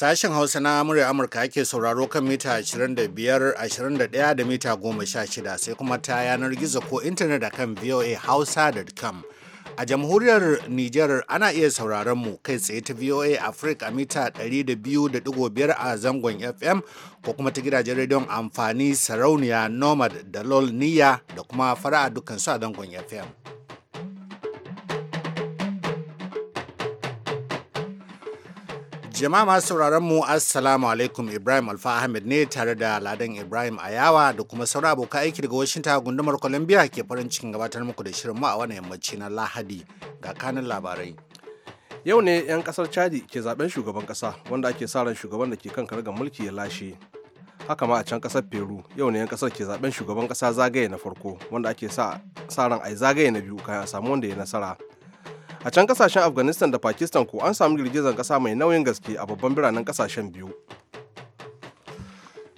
Sashen Hausa na murya Amurka ake sauraro kan mita 25, 21 da mita 16 sai kuma ta yanar gizo ko intanet a kan voahausa.com. A jamhuriyar Nijar ana iya sauraron mu kai tsaye ta VOA Africa a mita 200.5 a zangon FM ko kuma ta gidajen rediyon amfani sarauniya Nomad da Lol Niya da kuma fara dukkan su a zangon FM. Jama'a masu sauraron mu Assalamu alaikum Ibrahim Alfa Ahmed ne tare da Ladan Ibrahim Ayawa da kuma sauran aboka aiki daga Washington gundumar Columbia ke farin cikin gabatar muku da shirin mu a wannan yammaci na Lahadi ga kanin labarai. Yau ne 'yan kasar Chadi ke zaben shugaban kasa wanda ake sa ran shugaban da ke kan karga mulki ya lashe. Haka ma a can kasar Peru yau ne 'yan kasar ke zaben shugaban kasa zagaye na farko wanda ake sa ran ai zagaye na biyu kayan a samu wanda ya nasara. a can kasashen afghanistan da pakistan ko an samu girgizar kasa mai nauyin gaske a babban biranen kasashen biyu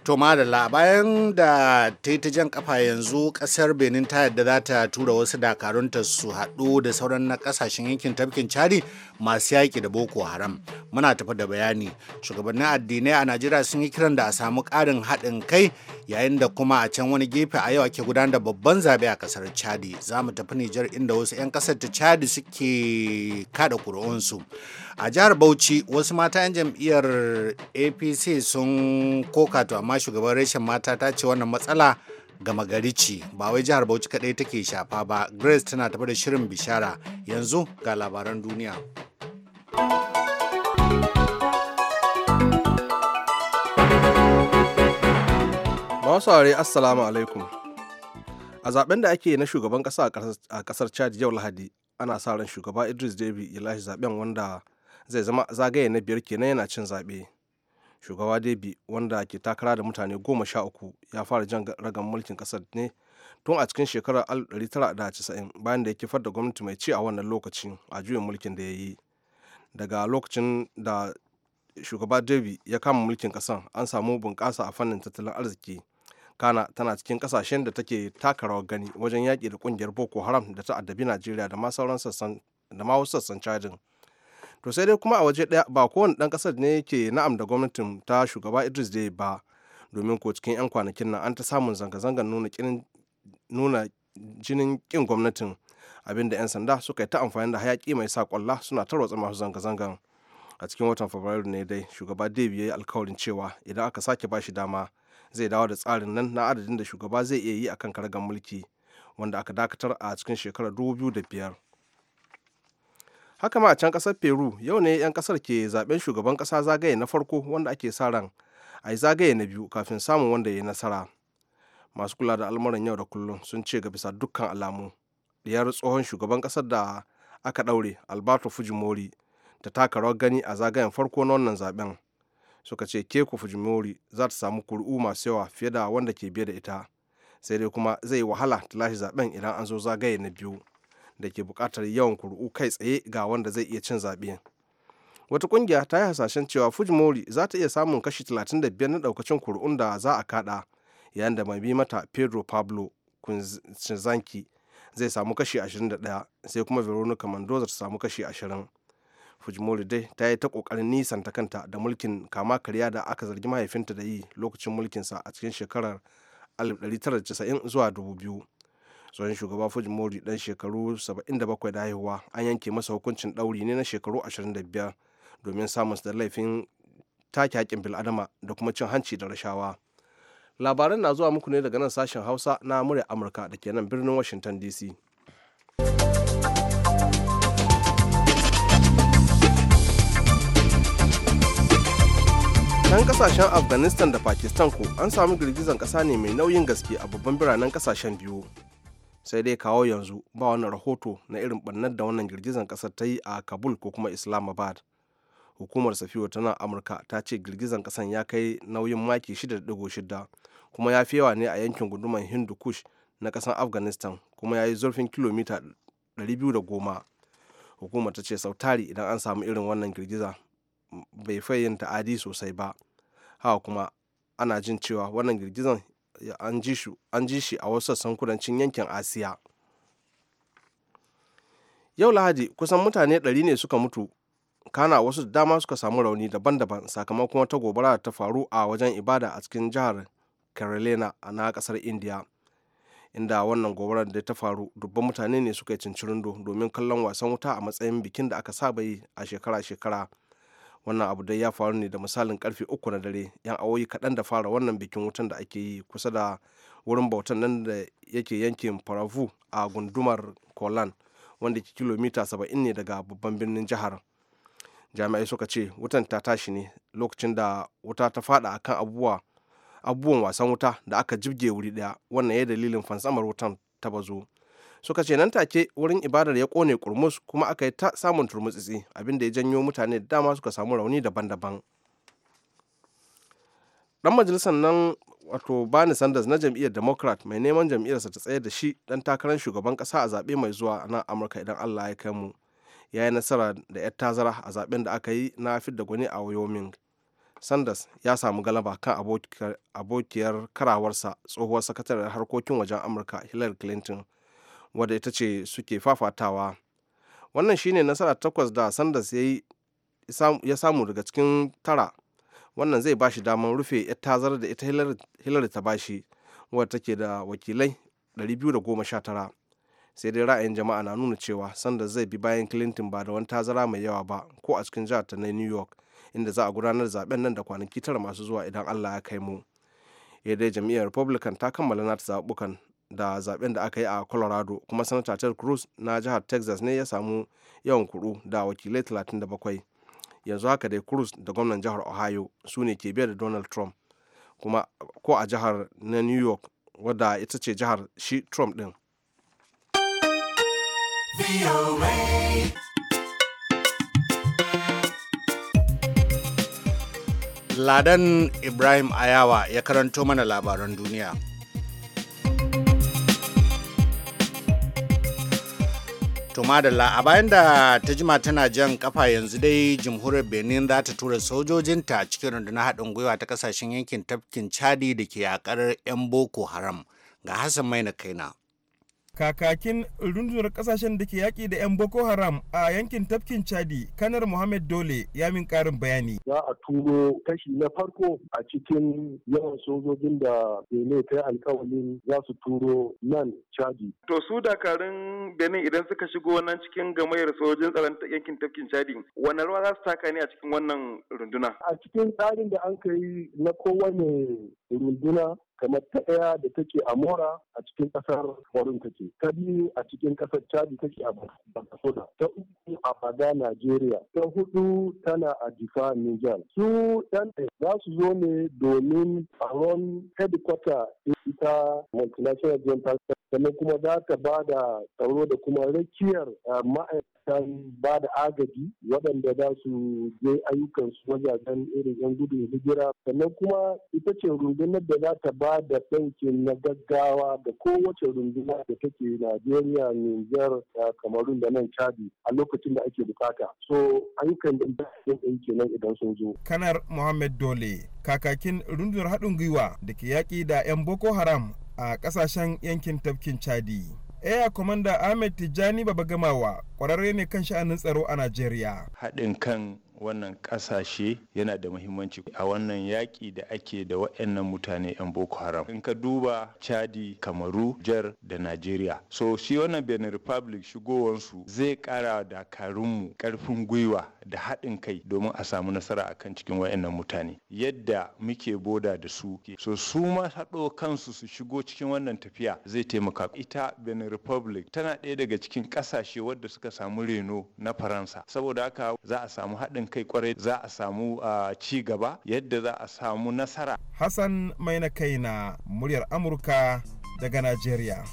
to madalla bayan da ta yi ta jan kafa yanzu kasar benin ta yadda za ta tura wasu dakarunta su haɗu da sauran na kasashen yankin tafkin Chadi masu yaƙi da boko haram muna tafi da bayani shugabannin addinai a najeriya sun yi kiran da a samu ƙarin haɗin kai yayin da kuma a can wani gefe a yau ake gudanar da babban zaɓe a ƙasar chadi za mu tafi nijar inda wasu 'yan ƙasar ta chadi suke kaɗa ƙuri'unsu a jihar bauchi wasu mata 'yan jam'iyyar apc sun koka to amma shugaban reshen mata ta ce wannan matsala gama gari ce ba wai jihar bauchi kadai take shafa ba grace tana tafi da shirin bishara yanzu ga labaran duniya masu assalamu alaikum a zaben da ake na shugaban kasa a kasar chad yau lahadi ana sa ran shugaba idris debi ya lashe zaben wanda zai zama zagaye na biyar kenan yana cin zaɓe shugaba debi wanda ke takara da mutane goma sha uku ya fara jan ragan mulkin ƙasar ne tun a cikin shekarar tara da 1990 bayan da ya kifar da gwamnati mai ci a wannan lokacin a juyin mulkin da ya yi daga lokacin da shugaba debi ya kama mulkin ƙasar an samu bunƙasa a fannin tattalin arziki kana tana cikin kasashen da take taka rawar gani wajen yaƙi da ƙungiyar boko haram da ta addabi najeriya da ma sauran sassan da ma wasu sassan cajin to sai dai kuma a waje ɗaya ba kowane ɗan kasar ne ke na'am da gwamnatin ta shugaba idris dai ba domin ko cikin 'yan kwanakin nan an ta samun zanga-zangar nuna jinin ƙin gwamnatin abinda 'yan sanda suka yi ta amfani da hayaki mai sa kwalla suna tarwatsa masu zanga-zangar a cikin watan fabrairu ne dai shugaba dave ya yi alkawarin cewa idan aka sake ba shi dama zai dawo da tsarin nan na adadin da shugaba zai iya yi akan karagar mulki wanda aka dakatar a cikin shekarar 2005 haka ma a can kasar peru yau ne 'yan kasar ke zaben shugaban kasa zagaye na farko wanda ake sa ran a yi zagaye na biyu kafin samun wanda ya yi nasara masu kula da al'amuran yau da kullum sun ce ga bisa dukkan alamu diyar tsohon shugaban kasar da aka daure alberto fujimori ta taka rawar gani a zagayen farko na wannan zaben suka ce keku fujimori za ta samu kuri'u masu yawa fiye da wanda ke biye da ita sai dai kuma zai wahala ta lashe zaben idan an zo zagaye na biyu da ke buƙatar yawan kuri'u kai tsaye ga wanda zai iya cin zaɓe wata ƙungiya ta yi hasashen cewa fujimori za ta iya samun kashi 35 na ɗaukacin kuri'un da za a kaɗa yayin da mai bi mata pedro pablo kunzanki zai samu kashi 21 sai kuma veronica mandoza ta samu kashi 20 fujimori dai ta yi ta kokarin ta kanta da mulkin kama karya da aka zargi mahaifinta da yi lokacin mulkinsa a cikin shekarar 1990 zuwa 2000 tsohon shugaba fujimori dan shekaru 77 da haihuwa an yanke masa hukuncin ɗauri ne na shekaru 25 domin samun da laifin take haƙƙin bil'adama da kuma cin hanci da rashawa labaran na zuwa muku ne daga nan sashen hausa na murya amurka da ke nan birnin washington dc can kasashen afghanistan da pakistan ku an samu girgizan kasa ne mai nauyin gaske a babban biranen kasashen biyu sai dai kawo yanzu ba wani rahoto na irin bannar da wannan girgizar kasar ta yi a kabul ko kuma islamabad hukumar safiyo nan amurka ta ce girgizar kasar ya kai nauyin maki 6.6 kuma ya fi yawa ne a yankin guduman hindu kush na ƙasar afghanistan kuma ya yi zurfin kilomita 210 hukumar ta ce sautari idan an samu irin wannan girgiza bai fayin ta'adi sosai ba haka kuma ana jin cewa wannan girgizan an ji shi a wasu sassan kudancin yankin asiya yau lahadi kusan mutane 100 ne suka mutu kana wasu dama suka samu rauni daban-daban sakamakon wata gobara ta faru a wajen ibada a cikin jihar carolina na kasar india inda wannan gobarar da ta faru dubban mutane ne suka yi cincirindo domin kallon wasan wuta a matsayin bikin da aka saba yi a shekara-shekara wannan abu dai ya faru ne da misalin karfe uku na dare yan awoyi kaɗan da fara wannan bikin wutan da ake yi kusa da wurin bautan nan da yake yankin faravu a gundumar kolan wanda ke kilomita 70 ne daga babban birnin jihar jami'ai suka ce wutan ta tashi ne lokacin da wuta ta fada a kan abubuwan wasan wuta da aka jibge wuri daya wannan ya dalilin fansamar wutan ta bazo suka ce nan take wurin ibadar ya kone kurmus kuma aka yi ta samun turmutsitsi abinda ya janyo mutane da dama suka samu rauni daban-daban dan majalisar nan wato bani sanders na jam'iyyar democrat mai neman jam'iyyarsa ta tsaye da shi dan takarar shugaban kasa a zaɓe mai zuwa a nan amurka idan allah ya kai mu ya yi nasara da 'yar tazara a zaɓen da aka yi na fidda gwani a wyoming sanders ya samu galaba kan abokiyar karawarsa tsohuwar sakataren harkokin wajen amurka hillary clinton wadda ita ce suke fafatawa wannan shine nasara takwas da sanders ya samu daga cikin tara wannan zai ba shi damar rufe ya tazarar da ita hillary ta bashi wadda take da wakilai 219 sai dai ra'ayin jama'a na nuna cewa sanders zai bi bayan clinton ba da wani tazara mai yawa ba ko a cikin jihar ta na new york inda za a gudanar zaben nan da kwanaki tara masu zuwa idan allah ya kai mu ya dai jam'iyyar republican ta kammala nata zaɓukan da zaben da aka yi a colorado kuma sanata ted cruz na jihar texas ne ya samu yawan kuru da wakilai 37 yanzu haka dai cruz da gwamnan jihar ohio su ne ke biyar da donald trump kuma ko a jihar na new york wadda ita ce jihar shi trump din Ladan Ibrahim Ayawa ya karanto mana labaran duniya. to madalla a bayan da ta jima tana jan kafa yanzu dai jamhuriyar benin za ta tura sojojinta cikin rundunar haɗin gwiwa ta ƙasashen yankin tafkin chadi da ke yakar 'yan boko haram ga hassan maina kaina kakakin rundunar kasashen da ke yaƙi da 'yan boko haram a yankin tafkin chadi kanar mohammed dole ya min ƙarin bayani za a turo kashi na farko a cikin yawan sojojin da benin ta alkawalin za su turo nan chadi to su dakarun benin idan suka shigo nan cikin gamayyar sojojin tsaron yankin tafkin chadi wani rawa za su taka ne a cikin wannan runduna a cikin tsarin da an kai na kowane runduna kamar ta ɗaya da take a mora a cikin ƙasar warin take ta biyu a cikin ƙasar chadi take a bakasoda ta uku a bada najeriya ta hudu tana a jifa niger su ɗan za su zo ne domin a ron headquarter ita multinational joint sannan kuma za ta ba da tsaro da kuma rakiyar eh, ma'aikatan ba da agaji waɗanda za su je su wajajen irin yan gudun hijira sannan kuma ita ce rundunar da za ta ba da ɗaukin na gaggawa da kowace runduna da take najeriya niger eh, kamarun da nan chadi a lokacin da ake bukata so ayyukan da za su kenan idan sun zo kanar muhammad dole kakakin rundunar haɗin gwiwa da ke yaƙi da 'yan boko haram a kasashen yankin tafkin chadi Air Commander Ahmed Tijjani Babagamawa kwararre ne kan sha'anin tsaro a Najeriya. Haɗin kan wannan kasashe yana da muhimmanci a wannan yaƙi da ake da waɗannan mutane 'yan boko haram in ka duba chadi kamaru jar da najeriya so shi wannan benin republic shigowansu zai ƙara dakarunmu karfin gwiwa da haɗin kai domin a samu nasara a kan cikin waɗannan mutane yadda muke boda da su so su ma haɗo kansu su shigo cikin wannan tafiya zai taimaka ita benin republic tana ɗaya daga cikin ƙasashe wadda suka samu reno na faransa saboda haka za a samu haɗin kai kwarai za a samu ci gaba yadda za a samu nasara hassan mai na kai na muryar amurka daga najeriya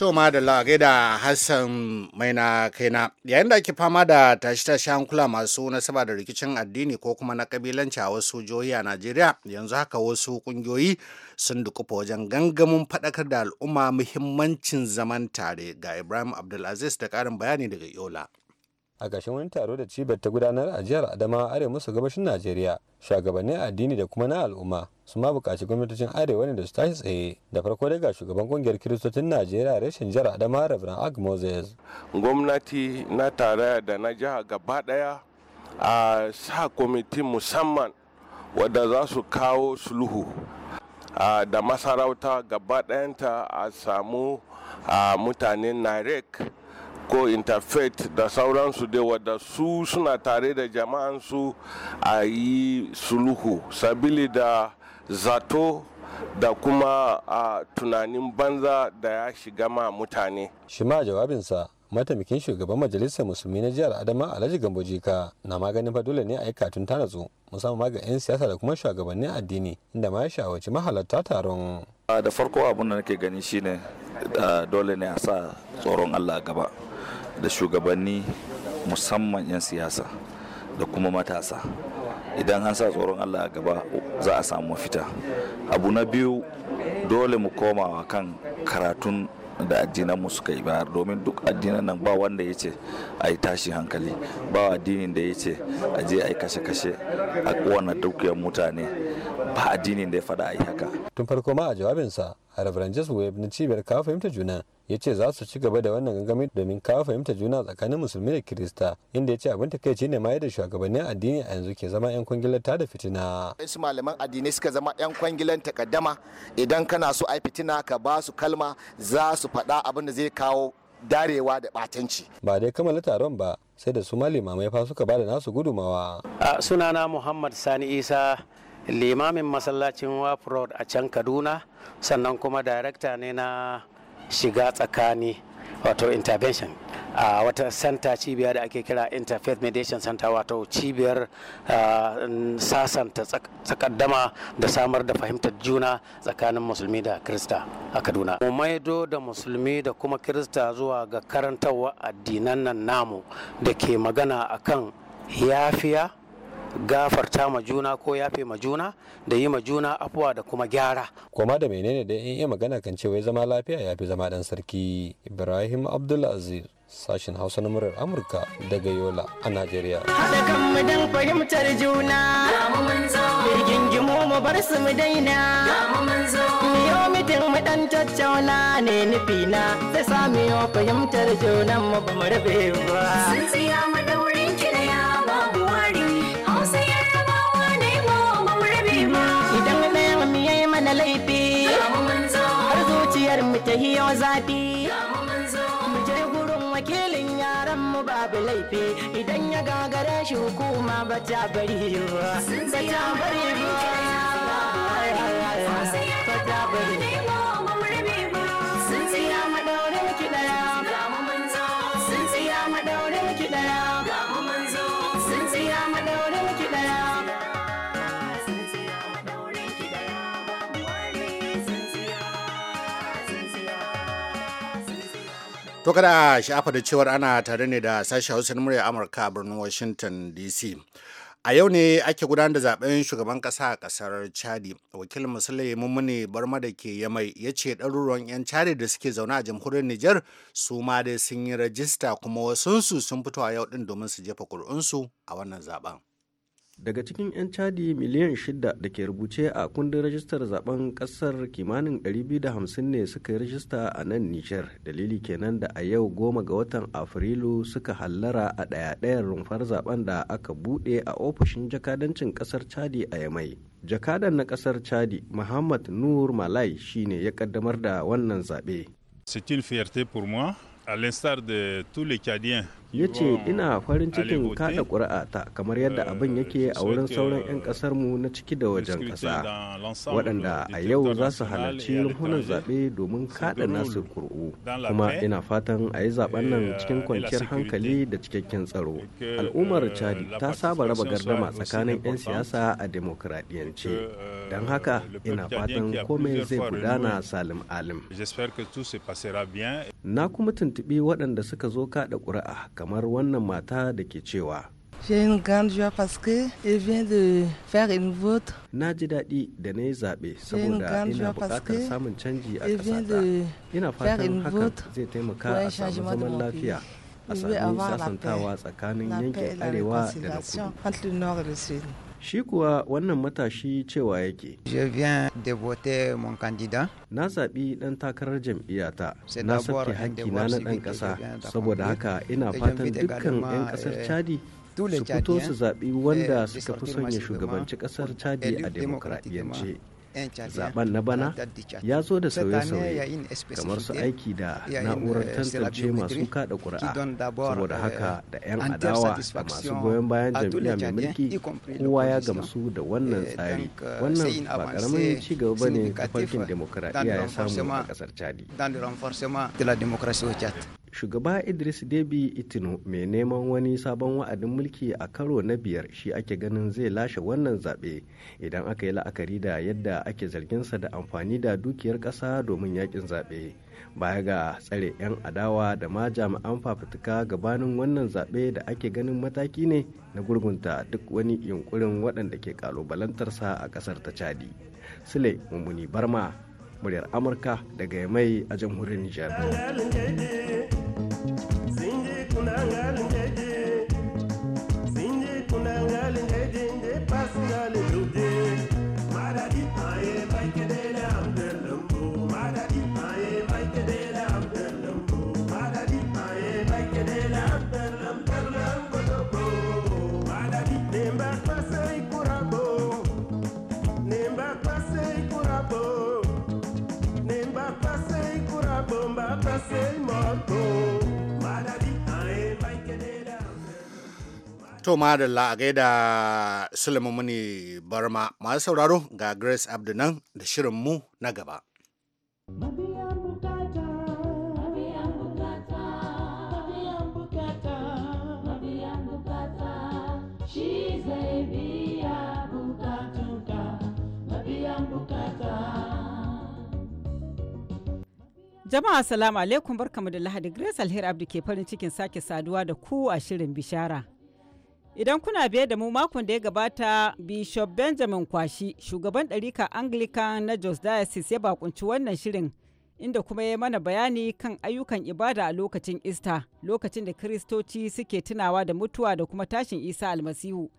To lagai gaida Hassan maina kaina yayin da ake fama da tashi-tashi hankula masu nasaba da rikicin addini ko kuma na kabilanci a wasu jihohi a Najeriya yanzu haka wasu kungiyoyi sun dukufa wajen gangamin faɗakar da al'umma muhimmancin zaman tare ga Ibrahim Abdulaziz da ƙarin bayani daga Yola. a ƙarshen wani taro da cibiyar ta gudanar a jihar adamawa arewa maso gabashin najeriya shugabannin addini da kuma na al'umma su ma buƙaci gwamnatocin arewa ne da su tashi tsaye da farko daga shugaban ƙungiyar kiristocin najeriya reshen jihar adamawa reverend ag moses gwamnati na tare da na jiha gaba ɗaya a sa kwamiti musamman wadda za su kawo sulhu da masarauta gaba ɗayanta a samu mutanen narek ko interfaith da sauransu dai wadda su suna tare da jama'ansu a yi suluhu sabili da zato da kuma a tunanin banza da ya shiga ma mutane shi ma jawabinsa mataimakin shugaban majalisar musulmi na jihar adama alhaji gambojika na maganin fa dole ne a yi katun tanatsu natsu musamman ga 'yan siyasa da kuma shugabannin addini inda ma ya shawarci mahalarta taron da farko abin da nake gani shine dole ne a sa tsoron allah gaba da shugabanni musamman 'yan siyasa da kuma matasa idan an sa tsoron allah a gaba za a samu mafita abu na biyu dole mu komawa kan karatun da addinanmu suka yi bayar domin duk addinan nan ba wanda ya ce a yi tashi hankali ba addinin da ya ce a je a yi kashe-kashe a kowane dukiyar mutane ba addinin da ya faɗa a yi haka tun farko ma a jawabinsa harafin jasu na cibiyar kawo fahimta juna ya ce za su ci gaba da wannan gangamin domin kawo fahimta juna tsakanin musulmi da kirista inda ya ce abin ta takaici ne ma yadda shugabannin addini a yanzu ke zama yan kwangilar ta da fitina wasu malaman addini suka zama yan kwangilan takaddama idan kana so ai fitina ka ba su kalma za su faɗa abin da zai kawo darewa da ɓatanci. ba dai kammala taron ba sai da su mai fa suka ba da nasu gudumawa sunana muhammad sani isa limamin masallacin waf road a can kaduna sannan kuma darakta ne na shiga tsakani wato intervention a wata santa cibiya da ake kira interfaith mediation center wato cibiyar sasanta tsakaddama da samar da fahimtar juna tsakanin musulmi da krista a kaduna mu maido da musulmi da kuma krista zuwa ga karantarwa addinan nan namu da ke magana akan yafiya gafarta ma juna ko yafe ma juna da yi ma juna afuwa da kuma gyara. Koma da menene da in iya magana kan cewa zama lafiya ya fi zama dan sarki Ibrahim Abdulaziz. Sashen Hausa na murar Amurka daga Yola a Najeriya. Haɗa kan mu don fahimtar juna. Jirgin mu bar su mu daina. Miyo mitin mu ɗan tattauna ne nufi na. Sai sami fahimtar junan mu ba mu rabe ba. Sun siya mu ta yi hiyo zafi mu je gurin wakilin yaran mu babu laifi idan ya gagara shi hukuma ba ta bari ba ta bari ba ta bari ba To kada sha'afa da cewar ana tare ne da sashen Hausa na murya Amurka a birnin Washington DC. A yau ne ake gudanar da zaben shugaban ƙasa a kasar Chadi. Wakilin Musulai Mummuni Barma da ke Yamai ya ce ɗaruruwan 'yan Chadi da suke zaune a jamhuriyar Nijar su ma dai sun yi rajista kuma wasunsu sun fito a yau ɗin domin su jefa ƙuri'unsu a wannan zaben. daga cikin 'yan chadi miliyan shida da ke rubuce a kundin rajistar zaben kasar kimanin 250 ne suka yi rajista a nan nijar dalili kenan da a yau goma ga watan afrilu suka hallara a ɗaya-ɗayan rumfar zaben da aka buɗe a ofishin jakadancin kasar chadi a yamai jakadan na kasar chadi muhammad nur malai shine ya kaddamar da wannan zaɓe c'est une fierté pour ya ce ina farin cikin kada ta kamar yadda eh, abin yake a wurin sauran 'yan mu na ciki da wajen ƙasa waɗanda a yau za su halarci rumfunan zaɓe domin kada nasu kur'u kuma ina fatan a yi zaɓen nan cikin euh, kwanciyar hankali da cikakken tsaro al'ummar euh, chadi ta saba raba gardama tsakanin 'yan siyasa a demokuraɗiyance don euh, haka ina fatan komai zai gudana salim alim na kuma tuntuɓi waɗanda suka zo kaɗa ƙuri'a kamar wannan mata da ke cewa Na ji daɗi da na yi zaɓe saboda ina buƙatar samun canji a ƙasata. Ina fatan hakan zai taimaka a samu zaman lafiya. A sami sasantawa tsakanin yankin arewa da na kudu. Shi kuwa wannan matashi cewa yake. Je viens de voter mon candidat. Na zaɓi ɗan takarar jam'iyyata. Na sauke hakki na ɗan ƙasa. Saboda haka ina fatan dukkan 'yan ƙasar euh, Chadi su fito su zaɓi wanda suka fi son ya shugabanci ƙasar Chadi a demokradiyyance. zaben na bana ya zo da sauye-sauye kamar su aiki da na'urar eh, tantance masu kada ƙuri'a saboda eh, haka da 'yan adawa da masu goyon bayan jam'iyya mai mulki kowa ya gamsu da wannan eh, tsari wannan ba karamin ci gaba ba ne farkin demokuraɗiyya ya samu a ƙasar chadi shugaba idris debi itino mai neman wani sabon wa'adin mulki a karo na biyar shi ake ganin zai lashe wannan zaɓe idan aka yi la'akari da yadda ake zarginsa da amfani da dukiyar ƙasa domin yakin zaɓe baya ga tsare 'yan adawa da ma jami'an fafutuka gabanin wannan zaɓe da ake ganin mataki ne na gurgunta duk wani yunkurin waɗanda ke ƙalubalantarsa a ƙasar ta chadi sule mummuni barma muryar amurka daga mai a jamhuriyar nijar unangalinga To madalla a gaida Sulaiman Muni Barma masu sauraro ga Grace Abdu nan da shirin mu na gaba. Jama'a salamu alaikum barkamu da Lahadi Grace Alheri Abdu ke farin cikin sake saduwa da ku a shirin bishara. Idan kuna biye da mu makon da ya gabata, Bishop Benjamin Kwashi, shugaban ɗarika Anglican na Jos Diocese ya bakunci wannan shirin, inda kuma ya mana bayani kan ayyukan ibada a lokacin Ista, lokacin da Kiristoci suke tunawa da mutuwa da kuma tashin Isa almasihu.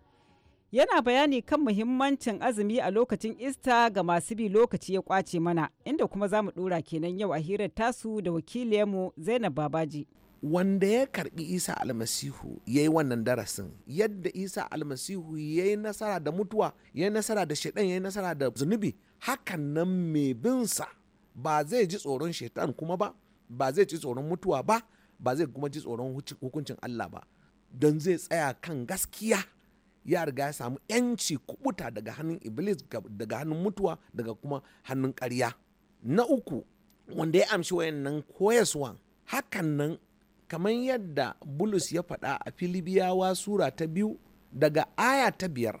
Yana bayani kan muhimmancin azumi a lokacin Ista ga masu bi lokaci ya kwace mana, inda kuma za mu ɗora kenan yau a hirar tasu da wakiliyarmu Zainab Babaji. wanda ya karbi isa almasihu ya yi wannan darasin yadda isa almasihu ya yi nasara da mutuwa ya yi nasara da shaidan ya yi nasara da zunubi hakan nan mai binsa ba zai ji tsoron shaitan kuma ba ba zai ji tsoron mutuwa ba ba zai kuma ji tsoron hukuncin allah ba don zai tsaya kan gaskiya ya riga ya samu yanci kubuta daga hannun iblis daga hannun mutuwa daga kuma hannun karya na uku wanda ya amshi wayannan koyaswa hakan nan kamar yadda bulus ya faɗa a filibiyawa sura ta biyu daga aya ta biyar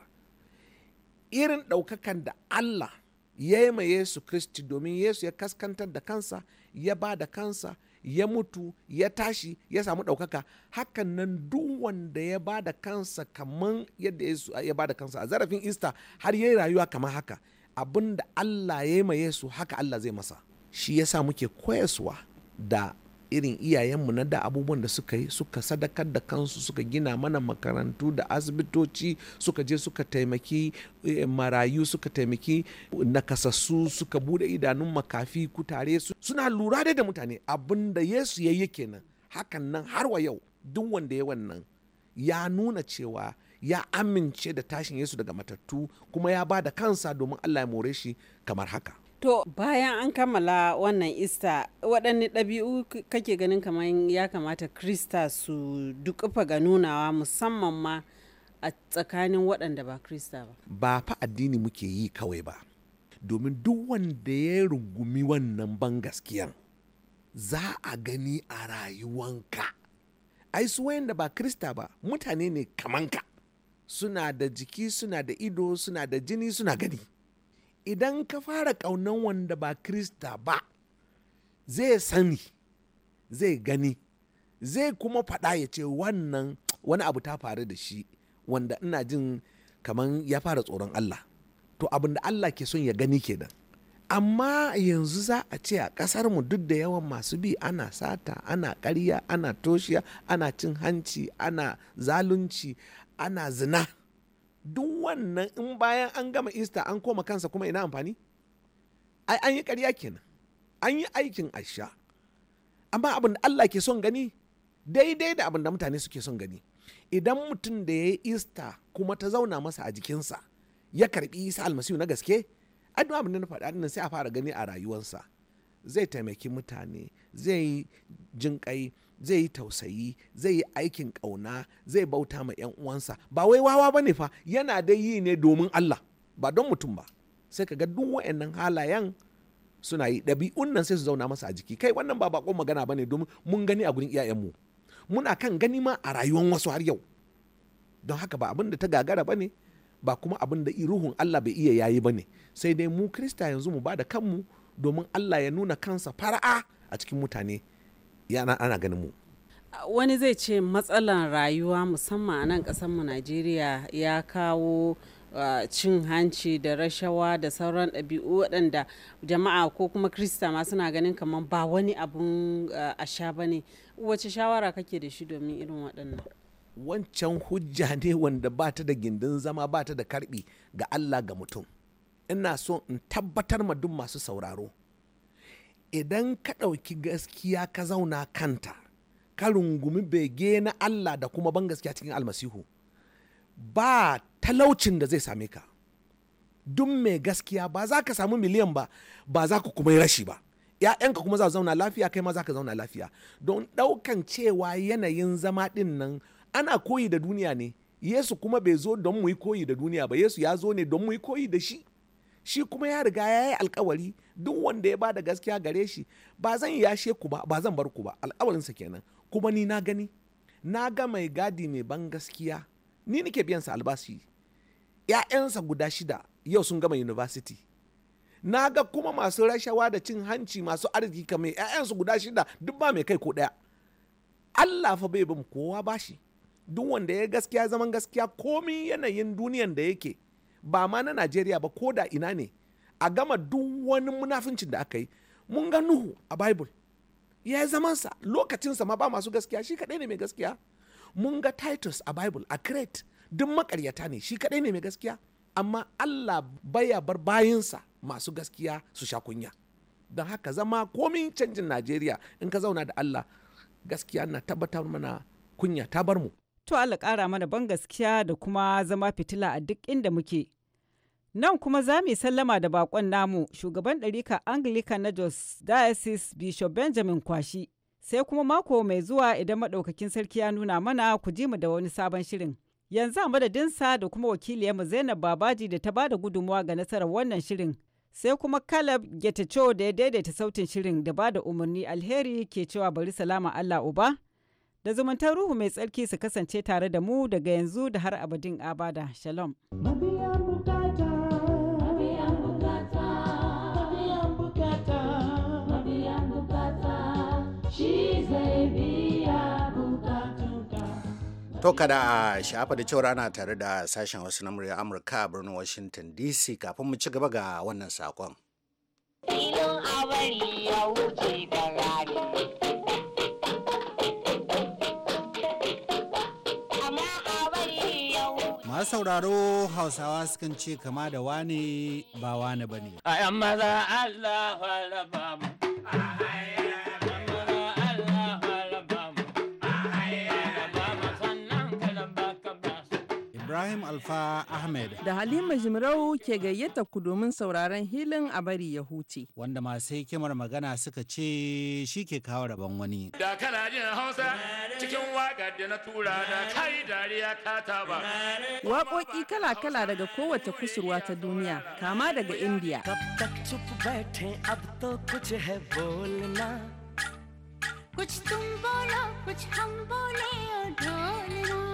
irin ɗaukakan da allah ya yi ma yesu kristi domin yesu ya kaskantar da kansa ya ba da kansa ya mutu ya tashi ya samu ɗaukaka hakan nan duk wanda ya ba da kansa kaman yadda yesu ya ba da kansa a zarafin ista har ya yi rayuwa kamar haka abin da allah ya yi ma yesu haka allah zai masa shi ya sa muke koyaswa da irin iyayenmu na da abubuwan da suka yi suka sadakar da kansu suka gina mana makarantu da asibitoci suka je suka taimaki eh, marayu suka taimaki nakasassu suka bude idanun makafi kutare su suna lura dai da mutane abinda yesu ya yi kenan hakan nan har wa yau duk wanda ya wannan ya nuna cewa ya amince da tashin yesu daga matattu kuma ya ba da kansa domin allah ya more shi kamar haka To bayan an kammala wannan ista waɗanne ɗabi'u kake ganin kamar ya kamata Krista su dukufa ga nunawa musamman ma a tsakanin waɗanda ba Krista ba. Ba fa addini muke yi kawai ba. Domin duk wanda ya rungumi wannan ban gaskiyan za a gani a rayuwanka. Ai su wayanda ba Krista ba mutane ne kamanka. Suna da jiki, suna da ido, suna da jini, suna gani. idan ka fara ƙaunan wanda ba krista ba zai sani zai gani zai kuma faɗa ya ce wannan wani abu ta faru da shi wanda ina jin kamar ya fara tsoron Allah to abin da Allah ke son ya gani kenan amma yanzu za a ce a ƙasar mu duk da yawan masu bi ana sata ana ƙarya ana toshiya ana cin hanci ana zalunci ana zina duk wannan in bayan an gama ista an koma kansa kuma ina amfani ai an yi ƙarya kenan an yi aikin asha amma abin da Allah ke son gani daidai da abin da mutane suke son gani idan mutum da ya yi ista kuma ta zauna masa a jikinsa ya karbi isa almasihu na gaske ai abin da na faɗa nan sai a fara gani a rayuwarsa zai taimaki mutane zai jin jinƙai zai yi tausayi zai yi aikin ƙauna zai bauta ma 'yan uwansa ba wai wawa ba ne fa yana da yi ne domin Allah ba don mutum ba sai ka ga duk wa'annan halayen suna yi ɗabi'un nan sai su zauna masa a jiki kai wannan ba bakon magana ba ne domin mun gani a gurin iyayenmu muna kan gani ma a rayuwar wasu har yau don haka ba abin da ta gagara ba ne ba kuma abin da ruhun Allah bai iya yayi ba ne sai dai mu Kirista yanzu mu ba da kanmu domin Allah ya nuna kansa fara'a a cikin mutane yana ana ganin mu wani zai ce matsalan rayuwa musamman a nan mu najeriya ya kawo ah, cin hanci da rashawa da sauran ɗabi'u waɗanda jama'a ko kuma krista ma suna ganin kamar ba wani abun asha a sha ba ne wace shawara kake da shi domin irin waɗannan wancan hujja ne wanda ba ta da gindin zama ba ta da karbi ga allah ga mutum ina so in tabbatar ma duk masu sauraro idan ka ɗauki gaskiya ka zauna kanta ka rungumi bege na Allah da kuma ban gaskiya cikin almasihu ba talaucin da zai same ka duk mai gaskiya ba za ka samu miliyan ba ba za ka kuma yi rashi ba ‘ya'yanka kuma za zauna lafiya kai ma za ka zauna lafiya don ɗaukan cewa yanayin zama ɗin nan ana koyi da duniya ne yesu kuma bai zo don mu yi koyi da duniya ba yesu ya zo ne don mu yi koyi da shi shi kuma ya riga ya yi alkawari duk wanda ya bada gaskiya gare shi ba zan yashe ku ba ba zan bar ku ba alkawarinsa kenan kuma ni na gani na ga mai gadi mai ban gaskiya ni nake biyansa albashi ‘ya'yansa guda shida yau sun gama university na ga kuma masu rashawa da cin hanci masu arziki kamar su guda shida duk ba mai kai ko ɗaya Allah fa bai bin kowa bashi duk wanda ya gaskiya zaman gaskiya komi yanayin duniyan da yake ba ma na najeriya ba ko da ina ne a gama duk wani munafincin da aka yi mun ga nuhu a bible ya yi zamansa lokacinsa ma ba masu gaskiya shi kaɗai ne mai gaskiya mun ga titus a bible a crete duk makaryata ne shi kaɗai ne mai gaskiya amma allah baya bar bayinsa masu gaskiya su sha kunya don haka zama komin canjin najeriya in ka zauna da allah gaskiya na tabbatar mana kunya ta bar mu To Allah ƙara mana ban gaskiya da kuma zama fitila a duk inda muke. Nan kuma za mu sallama da bakon namu shugaban ɗarika Anglican na Jos Diocese Bishop Benjamin Kwashi. Sai kuma mako mai zuwa idan maɗaukakin sarki ya nuna mana ku ji mu da wani sabon shirin. Yanzu a madadinsa da kuma mu Zainab Babaji da ta ba da gudunmuwa ga nasarar wannan shirin. Sai kuma Caleb Getacho da ya daidaita sautin shirin da ba da umarni alheri ke cewa bari salama Allah uba. da zumuntar ruhu mai tsarki su kasance tare da mu daga yanzu da har abadin abada shalom To kada a shafa da cewa rana tare da sashen wasu na murya Amurka a birnin Washington DC kafin mu ci gaba ga wannan sakon. Filin a ya wuce masu sauraro hausawa sukan ce kama da wane ba wane ba ne. A 'yan maza Allah ba Ibrahim Alfa Ahmed. Da Halima Jimarau ke gayyata ku domin sauraron hilin a bari ya huce. Wanda masu hikimar magana suka ce shi ke kawo rabon wani. Da kana jin Hausa cikin waka da na tura da kai dariya ka taba. Waƙoƙi kala-kala daga kowace kusurwa ta duniya kama daga India. कुछ तुम बोलो कुछ हम बोले और ढोलना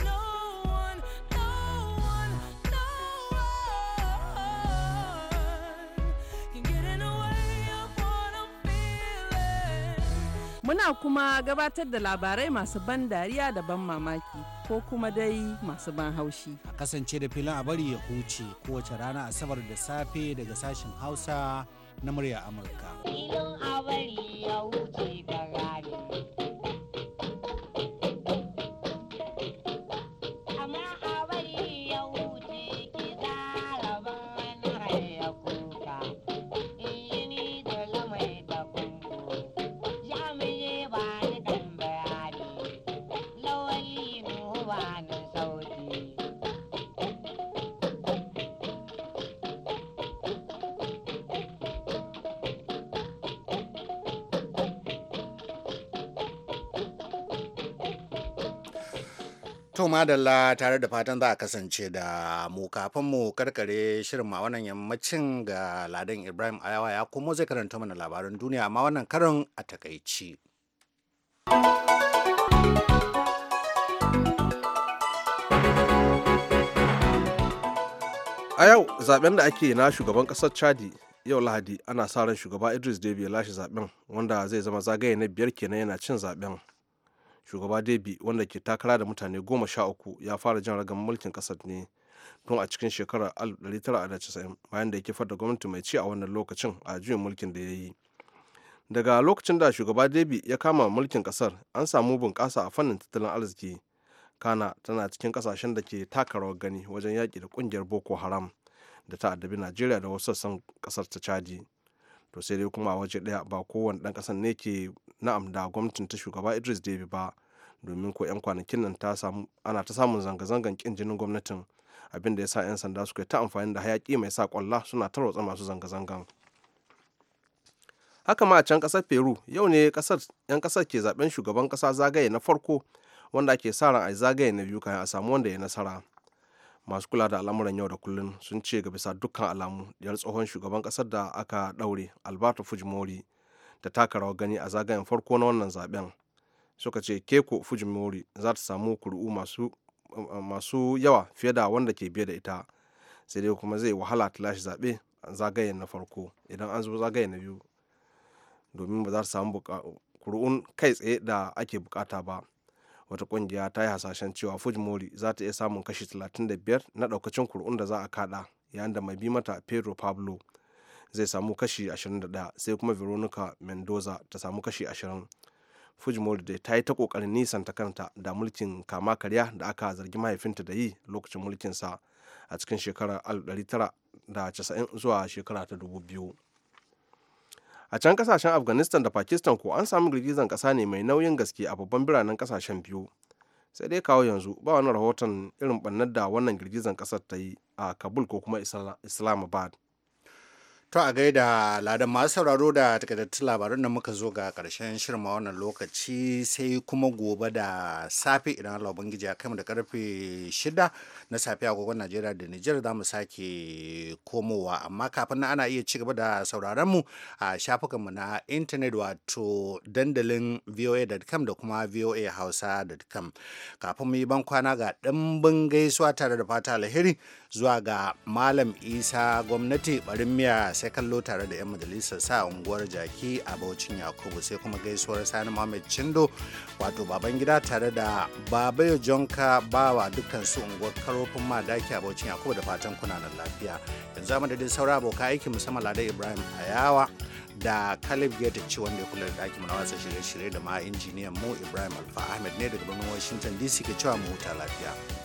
kuma gabatar da labarai masu ban dariya da ban mamaki ko kuma dai masu ban haushi. A kasance da filin a bari ya huce kowace rana Asabar da safe daga sashen Hausa na murya Amurka. Filin a bari ya huce To madalla tare da fatan za a kasance da mu kafin mu karkare shirin ma wannan yammacin ga Ladan Ibrahim Ayawa ya kuma zai karanta mana labaran duniya amma wannan karin a takaici. A yau zaben da ake na shugaban ƙasar Chadi yau Lahadi ana sa ran shugaba Idris Deby ya lashe zaben wanda zai zama zagaye na biyar kenan yana cin zaben. shugaba debi wanda ke takara da mutane goma sha uku ya fara jan ragar mulkin kasar ne tun a cikin shekarar 1990 bayan da ya kifar da gwamnati mai ci a wannan lokacin a juyin mulkin da ya yi daga lokacin da shugaba debi ya kama mulkin kasar an samu bunƙasa a fannin tattalin arziki kana tana cikin kasashen da ke taka rawar gani wajen yaƙi da ƙungiyar boko haram da ta addabi najeriya da wasu sassan kasar ta chadi to sai dai kuma a waje daya ba kowane ɗan ƙasar ne ke na'am da gwamnatin ta shugaba idris debi ba domin ko 'yan kwanakin nan ana ta samun zanga-zangan kin jinin gwamnatin abin da ya sa 'yan sanda suka ta amfani da hayaki mai sa kwalla suna tarwatsa masu zanga-zangan haka ma a can kasar peru yau ne 'yan kasar ke zaben shugaban kasa zagaye na farko wanda ake sa ran a zagaye na biyu kayan a samu wanda ya nasara masu kula da al'amuran yau da kullun sun ce ga bisa dukkan alamu diyar tsohon shugaban kasar da aka daure alberto fujimori da taka rawar gani a zagayen farko na wannan zaben suka ce keko fujimori za ta samu kuri'u masu yawa fiye da wanda ke biye da ita sai dai kuma zai wahala ta lashe zaɓe zagayen na farko idan an zo zagaye na biyu domin ba za ta samu kuri'un kai tsaye da ake bukata ba wata kungiya ta yi hasashen cewa fujimori za ta iya samun kashi 35 na daukacin kur'un da za a kada yayin da mai bi mata pedro pablo zai samu kashi 21 sai kuma veronica mendoza ta samu kashi 20 fujimori da ta yi ta kokarin ta kanta da mulkin kama karya da aka zargi mahaifinta da yi lokacin mulkinsa a cikin shekarar 1990 zuwa shekara ta 2000 a can kasashen afghanistan da pakistan ko an samu girgizan kasa ne mai nauyin gaske a babban biranen kasashen biyu sai dai kawo yanzu ba wani rahoton irin bannar da wannan girgizan kasar ta yi a kabul ko kuma islamabad To a gaida ladan masu sauraro da takardattun labarun da muka zo ga karshen shirma wannan lokaci sai kuma gobe da safe idan Allah Ubangiji ya kaimu da karfe shida na safe agogon Najeriya da Nijar za mu sake komowa amma kafin na ana iya cigaba da sauraron mu a shafukanmu na intanet wato dandalin voa.com da kuma voahausa.com kafin mu yi ban kwana ga dimbin gaisuwa tare da fata alheri zuwa ga Malam Isa gwamnati barin miya sai kallo tare da 'yan majalisar sa unguwar jaki a baucin yakubu sai kuma gaisuwar sani mohammed chindo wato baban gida tare da babayo jonka bawa dukkan su unguwar karofin daki a baucin yakubu da fatan kuna nan lafiya yanzu madadin saura abokan aiki musamman lada ibrahim ayawa da Caleb Gate ci wanda ya kula da ɗakin na wasa shirye-shirye da ma injiniyan mu Ibrahim Alfa Ahmed ne daga birnin Washington DC ke cewa mu huta lafiya.